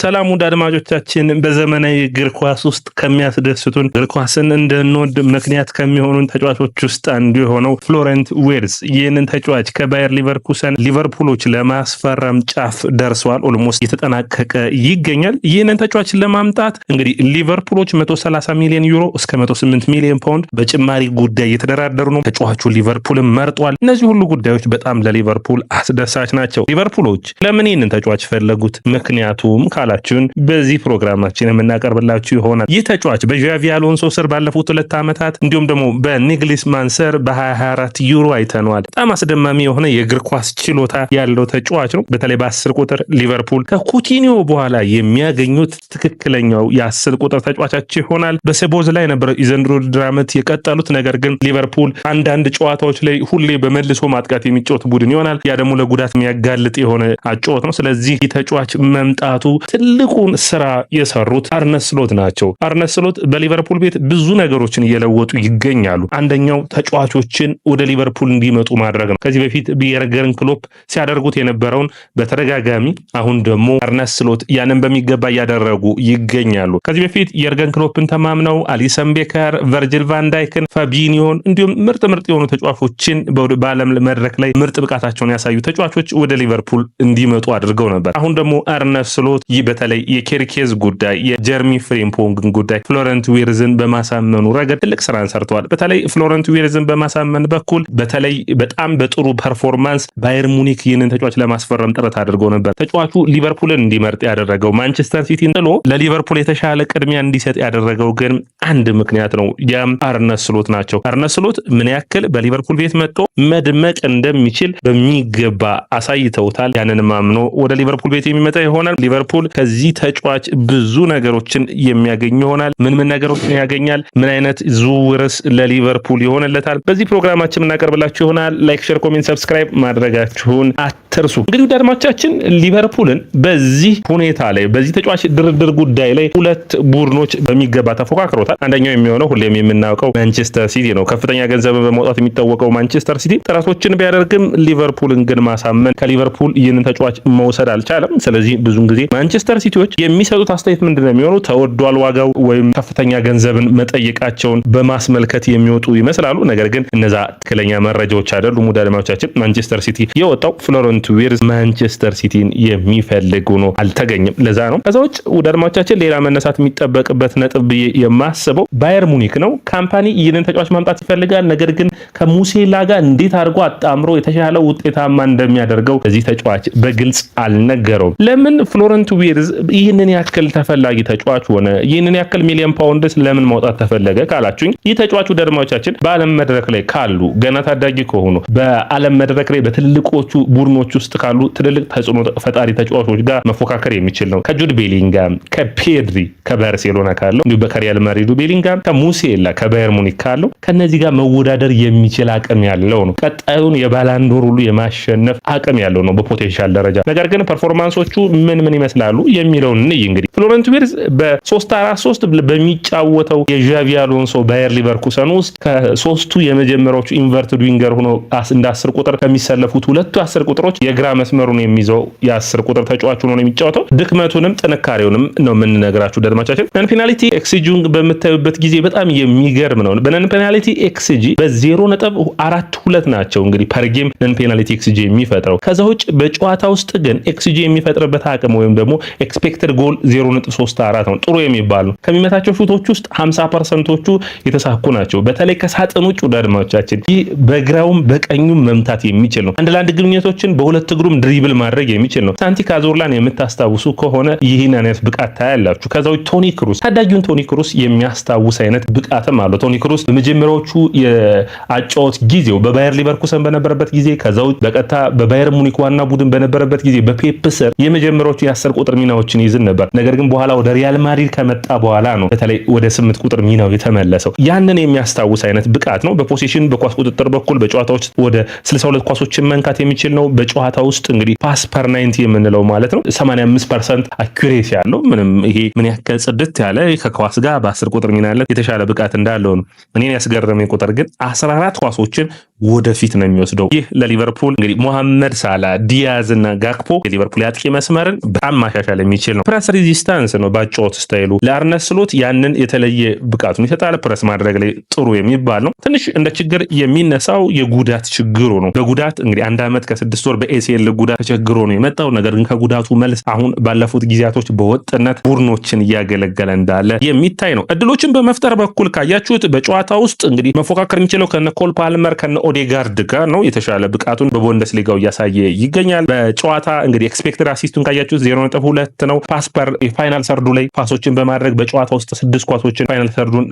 ሰላም ውድ አድማጮቻችን፣ በዘመናዊ እግር ኳስ ውስጥ ከሚያስደስቱን እግር ኳስን እንደንወድ ምክንያት ከሚሆኑን ተጫዋቾች ውስጥ አንዱ የሆነው ፍሎረንት ዌርዝ ይህንን ተጫዋች ከባየር ሊቨርኩሰን ሊቨርፑሎች ለማስፈረም ጫፍ ደርሰዋል። ኦልሞስት እየተጠናቀቀ ይገኛል። ይህንን ተጫዋች ለማምጣት እንግዲህ ሊቨርፑሎች 130 ሚሊዮን ዩሮ እስከ 18 ሚሊዮን ፓውንድ በጭማሪ ጉዳይ እየተደራደሩ ነው። ተጫዋቹ ሊቨርፑልን መርጧል። እነዚህ ሁሉ ጉዳዮች በጣም ለሊቨርፑል አስደሳች ናቸው። ሊቨርፑሎች ለምን ይህንን ተጫዋች ፈለጉት? ምክንያቱም ካለ ያላችሁን በዚህ ፕሮግራማችን የምናቀርብላችሁ ይሆናል። ይህ ተጫዋች በዣቪ አሎንሶ ስር ባለፉት ሁለት ዓመታት እንዲሁም ደግሞ በኒግሊስ ማንሰር በ 24 ዩሮ አይተነዋል። በጣም አስደማሚ የሆነ የእግር ኳስ ችሎታ ያለው ተጫዋች ነው። በተለይ በአስር ቁጥር ሊቨርፑል ከኩቲኒዮ በኋላ የሚያገኙት ትክክለኛው የአስር ቁጥር ተጫዋቻቸው ይሆናል። በሴቦዝ ላይ ነበረ የዘንድሮ ውድድር ዓመት የቀጠሉት። ነገር ግን ሊቨርፑል አንዳንድ ጨዋታዎች ላይ ሁሌ በመልሶ ማጥቃት የሚጫወት ቡድን ይሆናል። ያ ደግሞ ለጉዳት የሚያጋልጥ የሆነ አጫወት ነው። ስለዚህ ተጫዋች መምጣቱ ትልቁን ስራ የሰሩት አርነስሎት ስሎት ናቸው። አርነስሎት ስሎት በሊቨርፑል ቤት ብዙ ነገሮችን እየለወጡ ይገኛሉ። አንደኛው ተጫዋቾችን ወደ ሊቨርፑል እንዲመጡ ማድረግ ነው። ከዚህ በፊት የርገን ክሎፕ ሲያደርጉት የነበረውን በተደጋጋሚ አሁን ደግሞ አርነስሎት ስሎት ያንን በሚገባ እያደረጉ ይገኛሉ። ከዚህ በፊት የርገን ክሎፕን ተማምነው አሊሰን ቤከር፣ ቨርጅል ቫንዳይክን፣ ፋቢኒዮን እንዲሁም ምርጥ ምርጥ የሆኑ ተጫዋቾችን በዓለም መድረክ ላይ ምርጥ ብቃታቸውን ያሳዩ ተጫዋቾች ወደ ሊቨርፑል እንዲመጡ አድርገው ነበር። አሁን ደግሞ አርነስሎት ስሎት በተለይ የኬርኬዝ ጉዳይ፣ የጀርሚ ፍሬምፖንግን ጉዳይ ፍሎረንት ዊርዝን በማሳመኑ ረገድ ትልቅ ስራን ሰርተዋል። በተለይ ፍሎረንት ዊርዝን በማሳመን በኩል በተለይ በጣም በጥሩ ፐርፎርማንስ ባየር ሙኒክ ይህንን ተጫዋች ለማስፈረም ጥረት አድርጎ ነበር። ተጫዋቹ ሊቨርፑልን እንዲመርጥ ያደረገው ማንቸስተር ሲቲን ጥሎ ለሊቨርፑል የተሻለ ቅድሚያ እንዲሰጥ ያደረገው ግን አንድ ምክንያት ነው። ያም አርነስሎት ስሎት ናቸው። አርነስሎት ምን ያክል በሊቨርፑል ቤት መጥቶ መድመቅ እንደሚችል በሚገባ አሳይተውታል። ያንን ማምኖ ወደ ሊቨርፑል ቤት የሚመጣ ይሆናል። ሊቨርፑል ከዚህ ተጫዋች ብዙ ነገሮችን የሚያገኝ ይሆናል። ምን ምን ነገሮችን ያገኛል? ምን አይነት ዝውውርስ ለሊቨርፑል ይሆንለታል? በዚህ ፕሮግራማችን እናቀርብላችሁ ይሆናል። ላይክ፣ ሼር፣ ኮሜንት፣ ሰብስክራይብ ማድረጋችሁን አትርሱ። እንግዲህ ውድ አድማጮቻችን ሊቨርፑልን በዚህ ሁኔታ ላይ በዚህ ተጫዋች ድርድር ጉዳይ ላይ ሁለት ቡድኖች በሚገባ ተፎካክሮታል። አንደኛው የሚሆነው ሁሌም የምናውቀው ማንቸስተር ሲቲ ነው። ከፍተኛ ገንዘብን በማውጣት የሚታወቀው ማንቸስተር ሲቲ ጥረቶችን ቢያደርግም ሊቨርፑልን ግን ማሳመን ከሊቨርፑል ይህንን ተጫዋች መውሰድ አልቻለም። ስለዚህ ብዙን ጊዜ ማንቸስተር ሌስተር ሲቲዎች የሚሰጡት አስተያየት ምንድን ነው የሚሆኑ ተወዷል ዋጋው ወይም ከፍተኛ ገንዘብን መጠየቃቸውን በማስመልከት የሚወጡ ይመስላሉ። ነገር ግን እነዛ ትክክለኛ መረጃዎች አይደሉም። ውድ አድማጮቻችን ማንቸስተር ሲቲ የወጣው ፍሎረንት ዊርዝ ማንቸስተር ሲቲን የሚፈልግ ሆኖ አልተገኘም። ለዛ ነው። ከዛ ውጭ ውድ አድማጮቻችን ሌላ መነሳት የሚጠበቅበት ነጥብ ብዬ የማስበው ባየር ሙኒክ ነው። ካምፓኒ ይህንን ተጫዋች ማምጣት ይፈልጋል። ነገር ግን ከሙሴላ ጋር እንዴት አድርጎ አጣምሮ የተሻለ ውጤታማ እንደሚያደርገው እዚህ ተጫዋች በግልጽ አልነገረውም። ለምን ፍሎረንት ዊርዝ ይህንን ያክል ተፈላጊ ተጫዋች ሆነ፣ ይህንን ያክል ሚሊዮን ፓውንድስ ለምን ማውጣት ተፈለገ ካላችሁኝ ይህ ተጫዋቹ ደርማዎቻችን በዓለም መድረክ ላይ ካሉ ገና ታዳጊ ከሆኑ በዓለም መድረክ ላይ በትልልቆቹ ቡድኖች ውስጥ ካሉ ትልልቅ ተጽዕኖ ፈጣሪ ተጫዋቾች ጋር መፎካከር የሚችል ነው። ከጁድ ቤሊንጋም፣ ከፔድሪ ከባርሴሎና ካለው እንዲሁ በከሪያል ማድሪዱ ቤሊንጋም፣ ከሙሴላ ከባየር ሙኒክ ካለው ከነዚህ ጋር መወዳደር የሚችል አቅም ያለው ነው። ቀጣዩን የባላንዶር ሁሉ የማሸነፍ አቅም ያለው ነው በፖቴንሻል ደረጃ። ነገር ግን ፐርፎርማንሶቹ ምን ምን ይመስላሉ የሚለውን እንይ። እንግዲህ ፍሎረንት ቪርዝ በሶስት አራት ሶስት በሚጫወተው የዣቪ አሎንሶ ባየር ሊቨርኩሰን ውስጥ ከሶስቱ የመጀመሪያዎቹ ኢንቨርትድ ዊንገር ሆኖ እንደ አስር ቁጥር ከሚሰለፉት ሁለቱ አስር ቁጥሮች የግራ መስመሩን የሚይዘው የአስር ቁጥር ተጫዋች ሆኖ ነው የሚጫወተው። ድክመቱንም ጥንካሬውንም ነው የምንነግራችሁ ደድማቻችን። ነን ፔናልቲ ኤክስጂውን በምታዩበት ጊዜ በጣም የሚገርም ነው። በነን ፔናልቲ ኤክስጂ በዜሮ ነጥብ አራት ሁለት ናቸው እንግዲህ ፐርጌም ነን ፔናልቲ ኤክስጂ የሚፈጥረው ከዛ ውጭ በጨዋታ ውስጥ ግን ኤክስጂ የሚፈጥርበት አቅም ወይም ደግሞ ኤክስፔክተድ ጎል 0.34 ነው። ጥሩ የሚባል ነው። ከሚመታቸው ሹቶች ውስጥ 50 ፐርሰንቶቹ የተሳኩ ናቸው። በተለይ ከሳጥን ውጭ ወደ አድማጮቻችን ይህ በግራውም በቀኙም መምታት የሚችል ነው። አንድ ለአንድ ግንኙነቶችን በሁለት እግሩም ድሪብል ማድረግ የሚችል ነው። ሳንቲ ካዞርላን የምታስታውሱ ከሆነ ይህን አይነት ብቃት ታያላችሁ። ከዛ ቶኒ ክሩስ ታዳጊውን ቶኒ ክሩስ የሚያስታውስ አይነት ብቃትም አለው። ቶኒ ክሩስ በመጀመሪያዎቹ የአጫወት ጊዜው በባየር ሊቨርኩሰን በነበረበት ጊዜ ከዛ በቀጥታ በባየር ሙኒክ ዋና ቡድን በነበረበት ጊዜ በፔፕ ስር የመጀመሪያዎቹ የአስር ቁጥር ሚናዎችን ይዝን ነበር። ነገር ግን በኋላ ወደ ሪያል ማድሪድ ከመጣ በኋላ ነው በተለይ ወደ ስምንት ቁጥር ሚናው የተመለሰው። ያንን የሚያስታውስ አይነት ብቃት ነው። በፖሴሽን በኳስ ቁጥጥር በኩል በጨዋታ ውስጥ ወደ 62 ኳሶችን መንካት የሚችል ነው። በጨዋታ ውስጥ እንግዲህ ፓስ ፐር ናይንቲ የምንለው ማለት ነው 85 ፐርሰንት አኩሬት ያለው ምንም ይሄ ምን ያክል ጽድት ያለ ከኳስ ጋር በአስር ቁጥር ሚናለት የተሻለ ብቃት እንዳለው ነው። እኔን ያስገረመ ቁጥር ግን 14 ኳሶችን ወደፊት ነው የሚወስደው። ይህ ለሊቨርፑል እንግዲህ ሞሐመድ ሳላ፣ ዲያዝ እና ጋክፖ የሊቨርፑል የአጥቂ መስመርን በጣም ማሻሻል ማሻሻል የሚችል ነው። ፕረስ ሬዚስታንስ ነው በአጨዋወት ስታይሉ። ለአርነ ስሎት ያንን የተለየ ብቃቱን ይሰጣል። ፕረስ ማድረግ ላይ ጥሩ የሚባል ነው። ትንሽ እንደ ችግር የሚነሳው የጉዳት ችግሩ ነው። በጉዳት እንግዲህ አንድ ዓመት ከስድስት ወር በኤሲኤል ጉዳት ተቸግሮ ነው የመጣው። ነገር ግን ከጉዳቱ መልስ አሁን ባለፉት ጊዜያቶች በወጥነት ቡድኖችን እያገለገለ እንዳለ የሚታይ ነው። እድሎችን በመፍጠር በኩል ካያችሁት በጨዋታ ውስጥ እንግዲህ መፎካከር የሚችለው ከነ ኮል ፓልመር ከነ ኦዴጋርድ ጋር ነው። የተሻለ ብቃቱን በቦንደስ ሊጋው እያሳየ ይገኛል። በጨዋታ እንግዲህ ኤክስፔክትድ አሲስቱን ካያችሁት ዜሮ ነጥብ ሁለት ሁለት ነው። ፓስፐር የፋይናል ሰርዱ ላይ ፓሶችን በማድረግ በጨዋታ ውስጥ ስድስት ኳሶችን ፋይናል ሰርዱን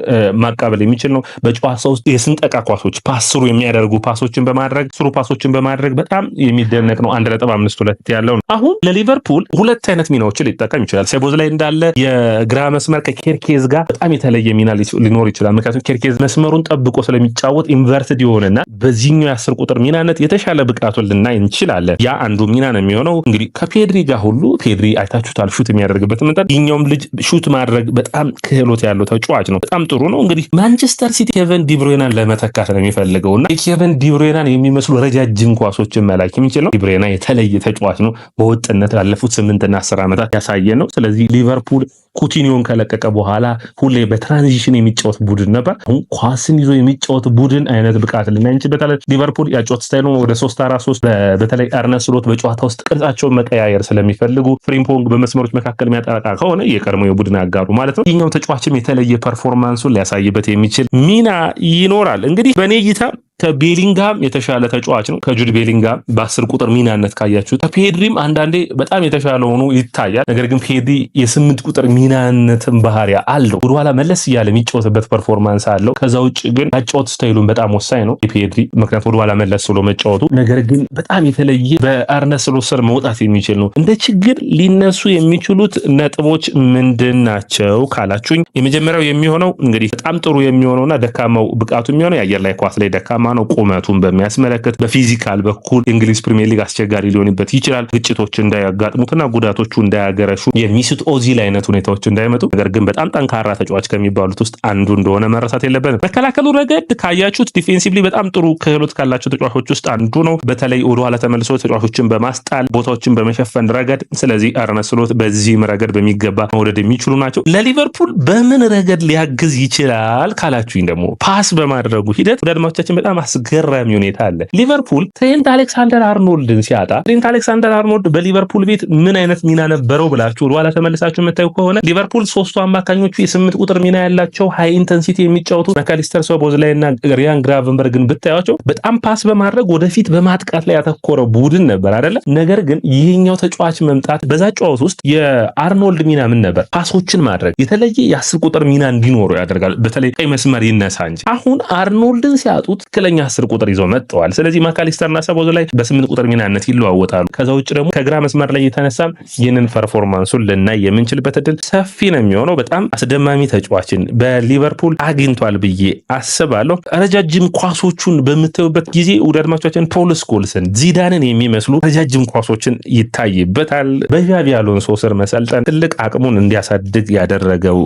ማቃበል የሚችል ነው። በጨዋታ ውስጥ የስንጠቃ ኳሶች ፓስሩ የሚያደርጉ ፓሶችን በማድረግ ስሩ ፓሶችን በማድረግ በጣም የሚደነቅ ነው። አንድ ነጥብ አምስት ሁለት ያለው ነው። አሁን ለሊቨርፑል ሁለት አይነት ሚናዎችን ሊጠቀም ይችላል። ሴቦዝ ላይ እንዳለ የግራ መስመር ከኬርኬዝ ጋር በጣም የተለየ ሚና ሊኖር ይችላል። ምክንያቱም ኬርኬዝ መስመሩን ጠብቆ ስለሚጫወት ኢንቨርትድ የሆነና በዚህኛው የአስር ቁጥር ሚናነት የተሻለ ብቃቱን ልናይ እንችላለን። ያ አንዱ ሚና ነው የሚሆነው እንግዲህ ከፔድሪ ጋር ሁሉ ፔድሪ አይታ አይታችሁታል። ሹት የሚያደርግበት መጠን ይኛውም ልጅ ሹት ማድረግ በጣም ክህሎት ያለው ተጫዋች ነው። በጣም ጥሩ ነው። እንግዲህ ማንቸስተር ሲቲ ኬቨን ዲብሮናን ለመተካት ነው የሚፈልገው እና የኬቨን ዲብሮናን የሚመስሉ ረጃጅም ኳሶችን መላክ የሚችል ነው። ዲብሮና የተለየ ተጫዋች ነው። በወጥነት ላለፉት ስምንትና አስር ዓመታት ያሳየ ነው። ስለዚህ ሊቨርፑል ኩቲኒዮን ከለቀቀ በኋላ ሁሌ በትራንዚሽን የሚጫወት ቡድን ነበር። አሁን ኳስን ይዞ የሚጫወት ቡድን አይነት ብቃት ልናይ እንችልበታለን። ሊቨርፑል ያጫወት ስታይል ወደ ሶስት አራት ሶስት በተለይ አርነ ስሎት በጨዋታ ውስጥ ቅርጻቸውን መቀያየር ስለሚፈልጉ ፍሪምፖንግ በመስመሮች መካከል የሚያጠረቃ ከሆነ የቀድሞ የቡድን አጋሩ ማለት ነው። ይኛው ተጫዋችም የተለየ ፐርፎርማንሱን ሊያሳይበት የሚችል ሚና ይኖራል። እንግዲህ በእኔ እይታ ከቤሊንጋም የተሻለ ተጫዋች ነው። ከጁድ ቤሊንግሃም በአስር ቁጥር ሚናነት ካያችሁት ከፔድሪም አንዳንዴ በጣም የተሻለ ሆኖ ይታያል። ነገር ግን ፔድሪ የስምንት ቁጥር ሚናነትን ባህሪያ አለው። ወደኋላ መለስ እያለ የሚጫወትበት ፐርፎርማንስ አለው። ከዛ ውጭ ግን አጫወት ስታይሉን በጣም ወሳኝ ነው የፔድሪ ምክንያት ወደኋላ መለስ ብሎ መጫወቱ። ነገር ግን በጣም የተለየ በአርነስሎ ስር መውጣት የሚችል ነው። እንደ ችግር ሊነሱ የሚችሉት ነጥቦች ምንድን ናቸው ካላችሁኝ የመጀመሪያው የሚሆነው እንግዲህ በጣም ጥሩ የሚሆነውና ደካማው ብቃቱ የሚሆነው የአየር ላይ ኳስ ላይ ደካማ ነው። ቁመቱን በሚያስመለከት በፊዚካል በኩል እንግሊዝ ፕሪሚየር ሊግ አስቸጋሪ ሊሆንበት ይችላል። ግጭቶች እንዳያጋጥሙትና ጉዳቶቹ እንዳያገረሹ የሚስት ኦዚል አይነት ሁኔታዎች እንዳይመጡ፣ ነገር ግን በጣም ጠንካራ ተጫዋች ከሚባሉት ውስጥ አንዱ እንደሆነ መረሳት የለበትም። መከላከሉ ረገድ ካያችሁት ዲፌንሲቭሊ በጣም ጥሩ ክህሎት ካላቸው ተጫዋቾች ውስጥ አንዱ ነው። በተለይ ወደኋላ ተመልሶ ተጫዋቾችን በማስጣል ቦታዎችን በመሸፈን ረገድ። ስለዚህ አርነ ስሎት በዚህም ረገድ በሚገባ መውደድ የሚችሉ ናቸው። ለሊቨርፑል በምን ረገድ ሊያግዝ ይችላል ካላችሁኝ ደግሞ ፓስ በማድረጉ ሂደት ወደ በጣም በጣም አስገራሚ ሁኔታ አለ። ሊቨርፑል ትሬንት አሌክሳንደር አርኖልድን ሲያጣ ትሬንት አሌክሳንደር አርኖልድ በሊቨርፑል ቤት ምን አይነት ሚና ነበረው ብላችሁ ወደኋላ ተመልሳችሁ የምታዩ ከሆነ ሊቨርፑል ሶስቱ አማካኞቹ የስምንት ቁጥር ሚና ያላቸው ሀይ ኢንተንሲቲ የሚጫወቱ መካሊስተር ሶቦዝላይ እና ሪያን ግራቨንበርግን ብታያቸው በጣም ፓስ በማድረግ ወደፊት በማጥቃት ላይ ያተኮረ ቡድን ነበር አይደለ? ነገር ግን ይህኛው ተጫዋች መምጣት በዛ ጨዋታ ውስጥ የአርኖልድ ሚና ምን ነበር? ፓሶችን ማድረግ የተለየ የአስር ቁጥር ሚና እንዲኖሩ ያደርጋል። በተለይ ቀይ መስመር ይነሳ እንጂ አሁን አርኖልድን ሲያጡት ትክክለኛ አስር ቁጥር ይዘው መጥተዋል። ስለዚህ ማካሊስተርና ሰቦዝ ላይ በስምንት ቁጥር ሚናነት ይለዋወጣሉ። ከዛ ውጭ ደግሞ ከግራ መስመር ላይ የተነሳ ይህንን ፐርፎርማንሱን ልናይ የምንችልበት እድል ሰፊ ነው የሚሆነው። በጣም አስደማሚ ተጫዋችን በሊቨርፑል አግኝቷል ብዬ አስባለሁ። ረጃጅም ኳሶቹን በምታዩበት ጊዜ ውድ አድማቻችን ፖል ስኮልስን፣ ዚዳንን የሚመስሉ ረጃጅም ኳሶችን ይታይበታል። በዣቢ አሎንሶ ስር መሰልጠን ትልቅ አቅሙን እንዲያሳድግ ያደረገው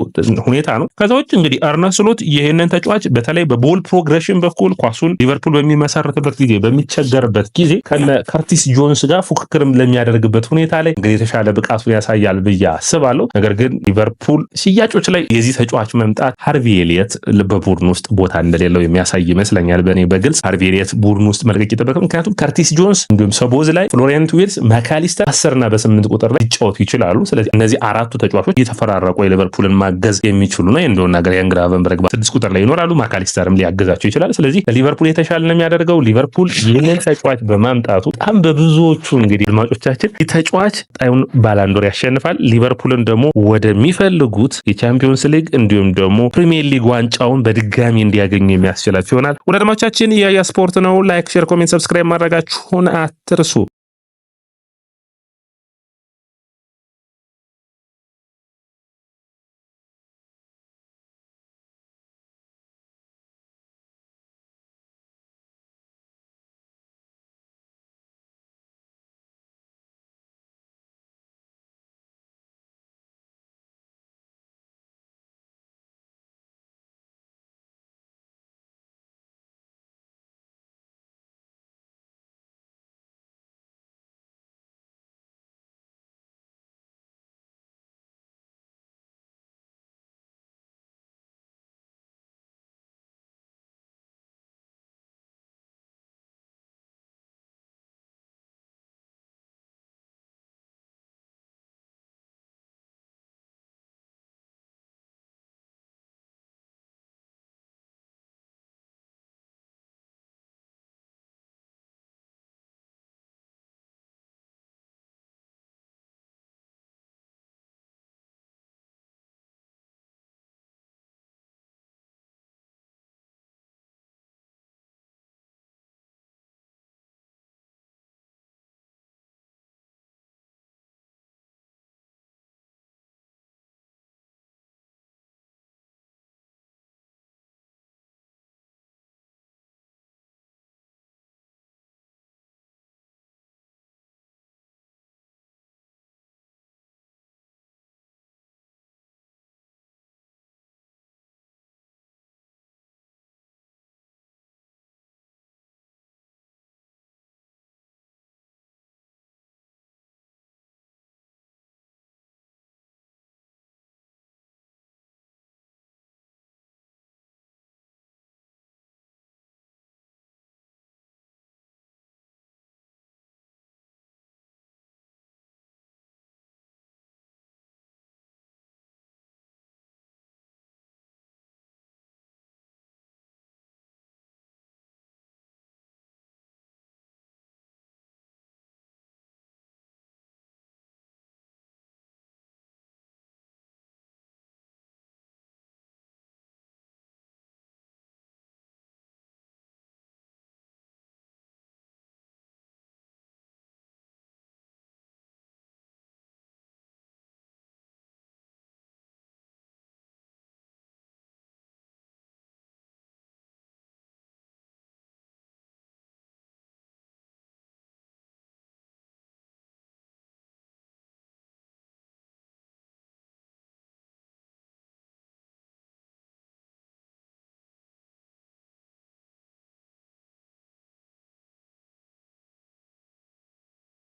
ሁኔታ ነው። ከዛ ውጭ እንግዲህ አርነ ስሎት ይህንን ተጫዋች በተለይ በቦል ፕሮግሬሽን በኩል ኳሱን ሊቨርፑል ሊቨርፑል በሚመሰርትበት ጊዜ በሚቸገርበት ጊዜ ከነ ከርቲስ ጆንስ ጋር ፉክክርም ለሚያደርግበት ሁኔታ ላይ እንግዲህ የተሻለ ብቃቱን ያሳያል ብዬ አስባለሁ። ነገር ግን ሊቨርፑል ሽያጮች ላይ የዚህ ተጫዋች መምጣት ሀርቪሌት ኤሊየት በቡድን ውስጥ ቦታ እንደሌለው የሚያሳይ ይመስለኛል። በእኔ በግልጽ ሃርቪ ኤሊየት ቡድን ውስጥ መልቀቅ ይጠበቅም። ምክንያቱም ከርቲስ ጆንስ እንዲሁም ሰቦዝ ላይ ፍሎሪያን ዊልስ፣ መካሊስተር አስርና በስምንት ቁጥር ላይ ሊጫወቱ ይችላሉ። ስለዚህ እነዚህ አራቱ ተጫዋቾች እየተፈራረቁ የሊቨርፑልን ማገዝ የሚችሉ ነው። እንደሆነ ነገር ያን በንበረግባ ስድስት ቁጥር ላይ ይኖራሉ። ማካሊስተርም ሊያገዛቸው ይችላል። ስለዚህ ሊቨርፑል የተሻለ ነው የሚያደርገው። ሊቨርፑል ይህንን ተጫዋች በማምጣቱ በጣም በብዙዎቹ እንግዲህ አድማጮቻችን ተጫዋች ጣዩን ባላንዶር ያሸንፋል። ሊቨርፑልን ደግሞ ወደሚፈልጉት የቻምፒዮንስ ሊግ እንዲሁም ደግሞ ፕሪሚየር ሊግ ዋንጫውን በድጋሚ እንዲያገኙ የሚያስችላቸው ይሆናል። ወደ አድማጮቻችን ስፖርት ነው። ላይክ፣ ሼር፣ ኮሜንት፣ ሰብስክራይብ ማድረጋችሁን አትርሱ።